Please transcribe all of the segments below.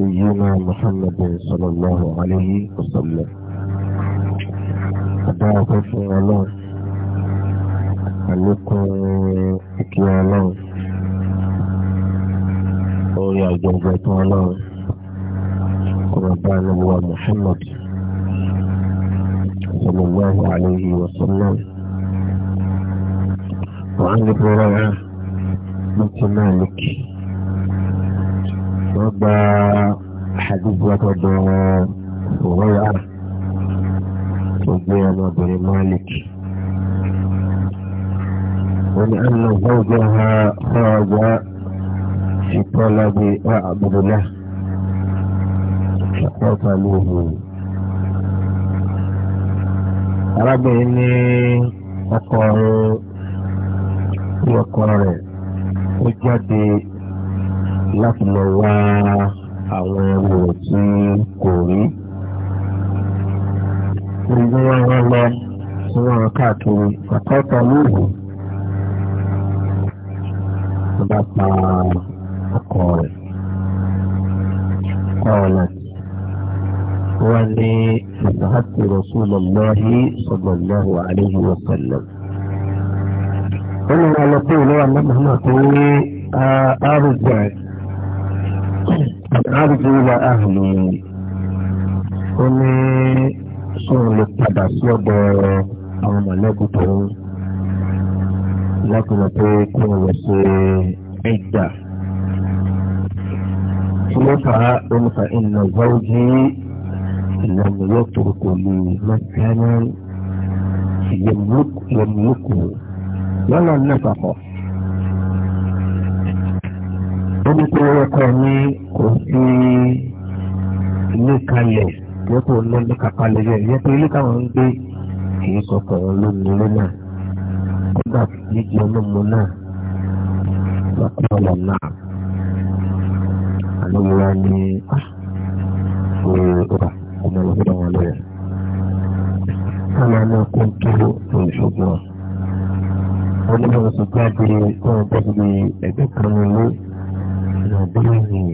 نبينا محمد صلى الله عليه وسلم أدعوك في الله عليكم إكي الله ويا جوجة الله ربنا هو محمد صلى الله عليه وسلم وعن ابن رواحة بنت مالك wọ́n gba àdúgbò ọ̀tọ̀dọ̀ gbogbo ọmọbìnrin malik wọ́n ní ha àbúrúlá arábìnrin ní ọkọ ọkọ ó jáde. láti lọ wá àwọn ẹrù tí kò rí. Ìgbé wọn wá lọ tí wọ́n káàkiri ọ̀tọ̀ọ̀tọ̀ lóògùn. Wọ́n bá pa ọkọ̀ rẹ̀. Ọ̀nà wọ́n ní ìsàkàtì Rasulullahi sallallahu alaihi wa sallam. Wọ́n ní wọn lọ pé ìlú àmọ́ màmá tó ní àrùn ah, jẹ́ arúgbó wa àhùnú ó ní sóun lè padà sí ọ̀dọ̀ àwọn mọ̀lẹ́bí tòun lákùnrin pé kí wọ́n lọ ṣe ẹ̀dà. Kí ló fà á onífà ìnà záwójì ìlànà yóò tóró kò lè lọ́kàn yẹmúlùkù lọ́nà náà fàkọ̀ọ́ ó ní pé ọkọ ní kò sí ilé kalẹ̀ yẹ́pọ̀ ní ilé kàkalẹ̀ rẹ̀ yẹ́pọ̀ ilé káwọn ń gbé èyí kọ̀ọ̀kan wọn ló ní ilé náà kódà méjì ọlọ́mọ náà lọ́kọ̀ọ̀lọ̀ náà àlọ́wọ́wá ní ọ̀rọ̀ ọmọ ọlọ́gbọ́dọ̀ wọn lọ́yẹ̀ sáwọn náà kó ń tó ìṣògùn ọ̀ wọ́n ní wọ́n sọ pé àgbèrè ọ̀rọ̀ bẹ́ẹ̀ ẹgbẹ́ kan ní àwọn abúlé ni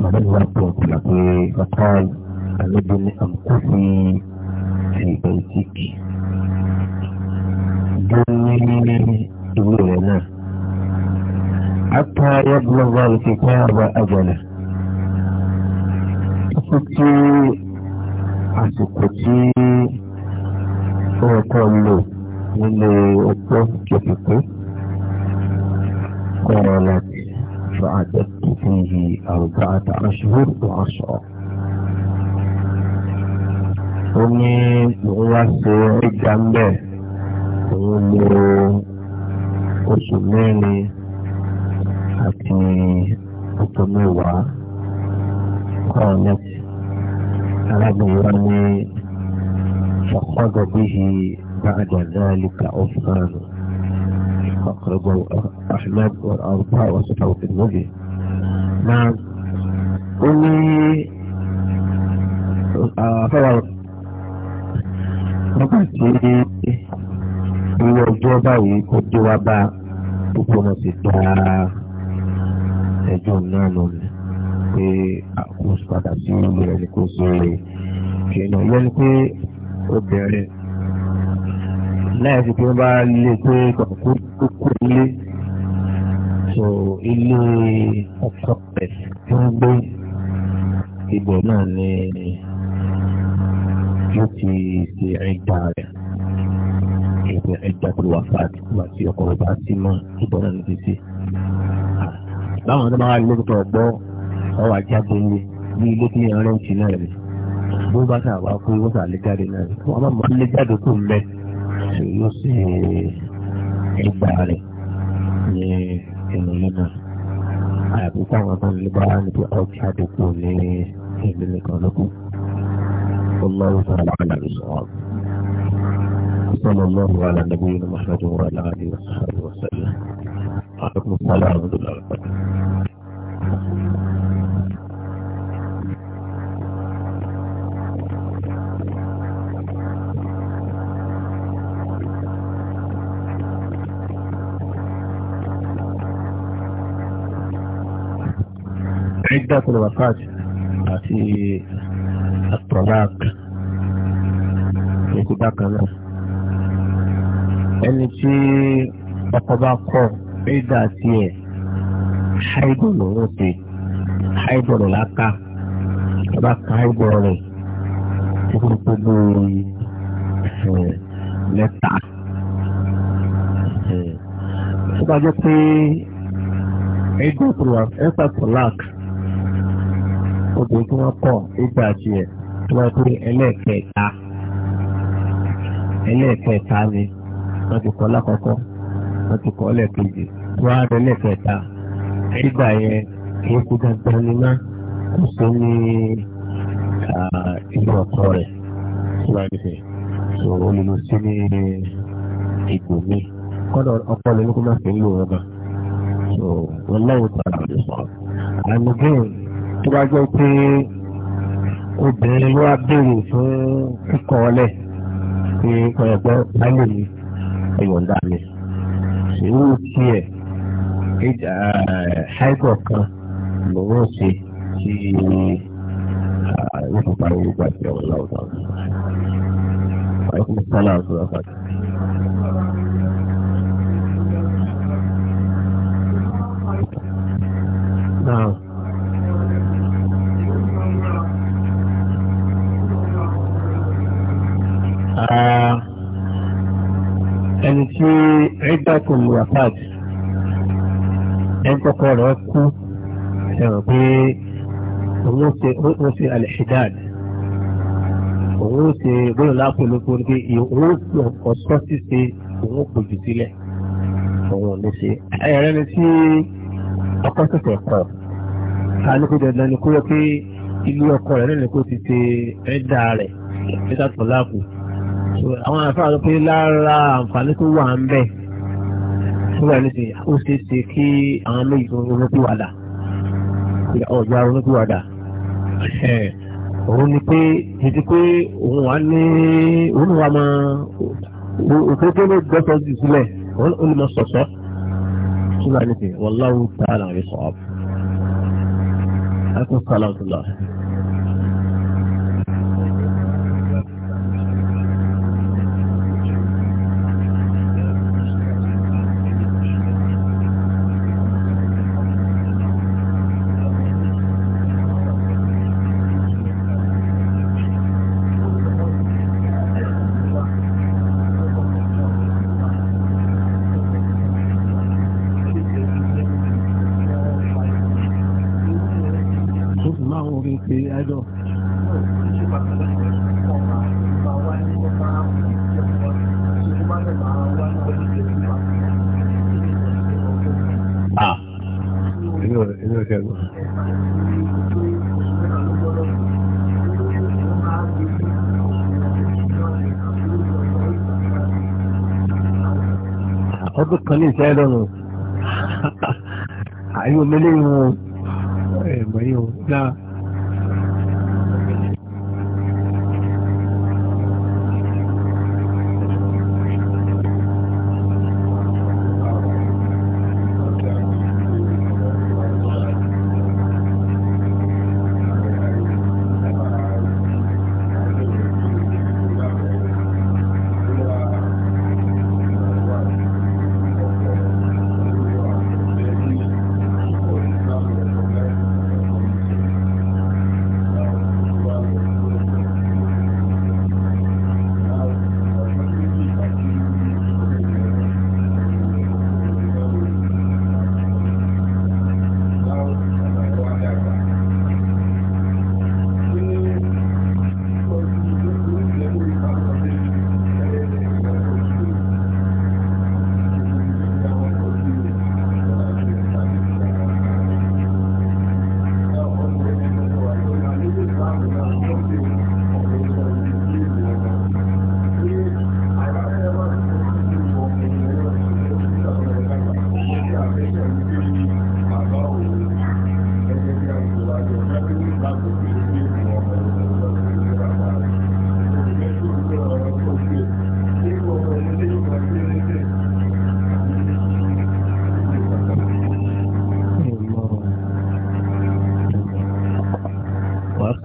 bàbá mi wá pọ̀ pìlà pé ọ̀tá àlejò ní àmukú fi ti bẹ́ńtíkì. Dúnmí ìwé rẹ̀ náà. Ata yẹ́bùlọ̀ bá lókè kí á bá àjọlẹ̀. Títí àsìkò tí wọ́n kọ́ lò nílé ọpọ́ kẹfìkú. Kọ́ra láti. فعددت فيه أربعة أشهر وعشرة هني مغواس عدام به ومرو وسميني حتي أتموى قامت على ميراني فخذ به بعد ذلك عثمان أقرب الأحناف والأربعة وصفه في النبي نعم قولي فلا وقتي هو الجوبة يكون جوابا يكون ستا يجون نانون pé kò padà sí ilé rẹ̀ ní kò sí ṣìnà yẹn ni pé obìnrin náà fi pé wọ́n bá lè pé kò kú nílé so ilé ọkọ rẹ̀ tó ń gbé ibò náà ní ló ti ṣe ẹ̀dá rẹ̀ ìpè ẹ̀dá tó wà fàtí wà sí ọkọ̀ rẹ̀ bá sí mọ́ ibò náà ní ti ṣe. báwọn ọdún máa ń lórúkọ ọgbọ́ ọwọ́ ajá gbélé ní ilé tí yẹn rẹ́ǹtì náà rẹ̀ bó bá sà wá kó wọ́n sà lé jáde náà rẹ̀ wọ́n bá mọ̀ lé jáde kó mẹ́ yóò ṣe ẹ̀dá rẹ̀ ní. ẹnu lọ́nà àbí táwọn bá ń bá níbi ọjà àdókò ní ìlú nìkan lóko. والله تعالى على الصواب صلى الله على نبينا محمد وعلى اله وصحبه وسلم عليكم السلام ورحمه الله وبركاته عدة الوفاة في الطلاق في كباك ẹni tí ọkọ bá kọ ẹ̀dá tiẹ̀ ṣáìdùn ló ń ṣe ṣáìdùn rẹ̀ láká ọba ká ẹ̀dùn rẹ̀ títí gbogbo mẹ́ta. tó bá jẹ́ pé ẹ̀dùn tó wà ẹ̀fà tó láàkì obìnrin tí wọ́n kọ̀ nígbà tiẹ̀ tí wọ́n pé ẹlẹ́ẹ̀kẹta ẹlẹ́ẹ̀kẹta ni wọ́n ti kọ́ lákọ̀ọ́kọ́ wọ́n ti kọ́ lẹ́ẹ̀kejì tí wọ́n á rẹ lẹ́ẹ̀kẹta nígbà yẹn kì í kú dandan ni má kò sí ní ìlú ọkọ rẹ̀ síwájú rẹ̀ so olùlọ sí ní ìgbò mi kọ́dọ̀ ọpọlọ ní kó má fi ń lò wọ́n gan so wọ́n lọ́wọ́ tó àgbẹ̀ sọ̀rọ̀ àmì bẹ́ẹ̀ tó bá jẹ́ pé obìnrin ló wá béèrè fún kíkọ́ ọlẹ̀ pé ọ̀yẹ̀pẹ́ báyìí mi ẹ̀yọ̀ǹda mi irú tiẹ̀ ṣáìkọ̀ kan lòun ṣe tí yóò ah, parí gbogbo àti ọ̀rọ̀ láwùjọ. Àìkú sálà ń sọ̀rọ̀ pàtó. Now. mọ́tò wàfáàd ẹni tọkọ rẹ̀ kú ẹ̀rọ pé òun ó ṣe alẹ́ṣẹ̀dáàd òun ó ṣe bóyá lápò lóko ní pé òun ó ọ̀ṣọ́ ṣíṣe òun ó gbòjù sílẹ̀ òun ò ní ṣe. ẹ̀rẹ́ ni tí ọkọ ṣẹ̀ṣẹ̀ kọ̀ ká ní kó dandan ni kó yẹ pé ilé ọkọ rẹ̀ náà ni kó ti ṣe ẹ̀dá rẹ̀ ẹ̀dá tó láàbù. àwọn àfáà ló pé lára àǹfààní tó wà ń bẹ̀ fúnra ẹni sè ó ṣe é ṣe kí àwọn méjì tó ronúkú wà dà ọjà ronúkú wà dà òun ni pé títí pé òun wà ní òun wà máa òkúté ló gbọ́sọ̀ jù sílẹ̀ òun lè máa sọ̀sọ́ fúnra ẹni sè wallahu ta'ala àrí sọ̀rọ̀. Aleykum salaam Ah, ọdún kan ní ìṣẹ́ lọ́rùn àìyí omi wọn ẹ̀mọ̀ yìí wọn Deus.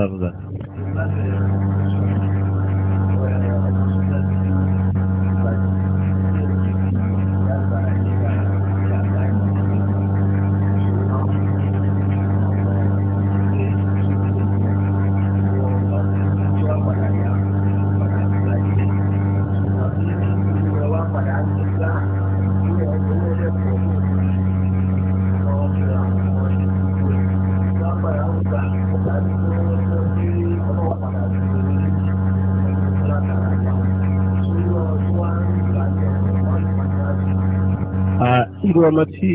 tarzda. irú ọmọ tí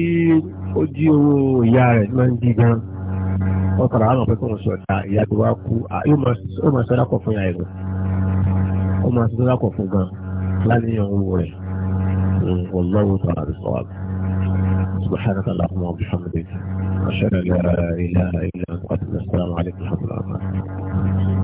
ó jí owó ìyá rẹ̀ máa ń jí gan wọ́n kọ̀ọ̀rọ̀ àwọn ọ̀pẹ́ kò wọ́n sọ̀tà ìyá tó wá kú ó máa sọ́dá kọ̀ fún ìyá rẹ̀ ó máa sọ́dá kọ̀ fún gan láníyàn owó rẹ̀ wọ́lọ́wọ́ tó àrà sọ́wọ́ سبحانك اللهم وبحمدك أشهد أن لا إله إلا أنت السلام عليكم ورحمة الله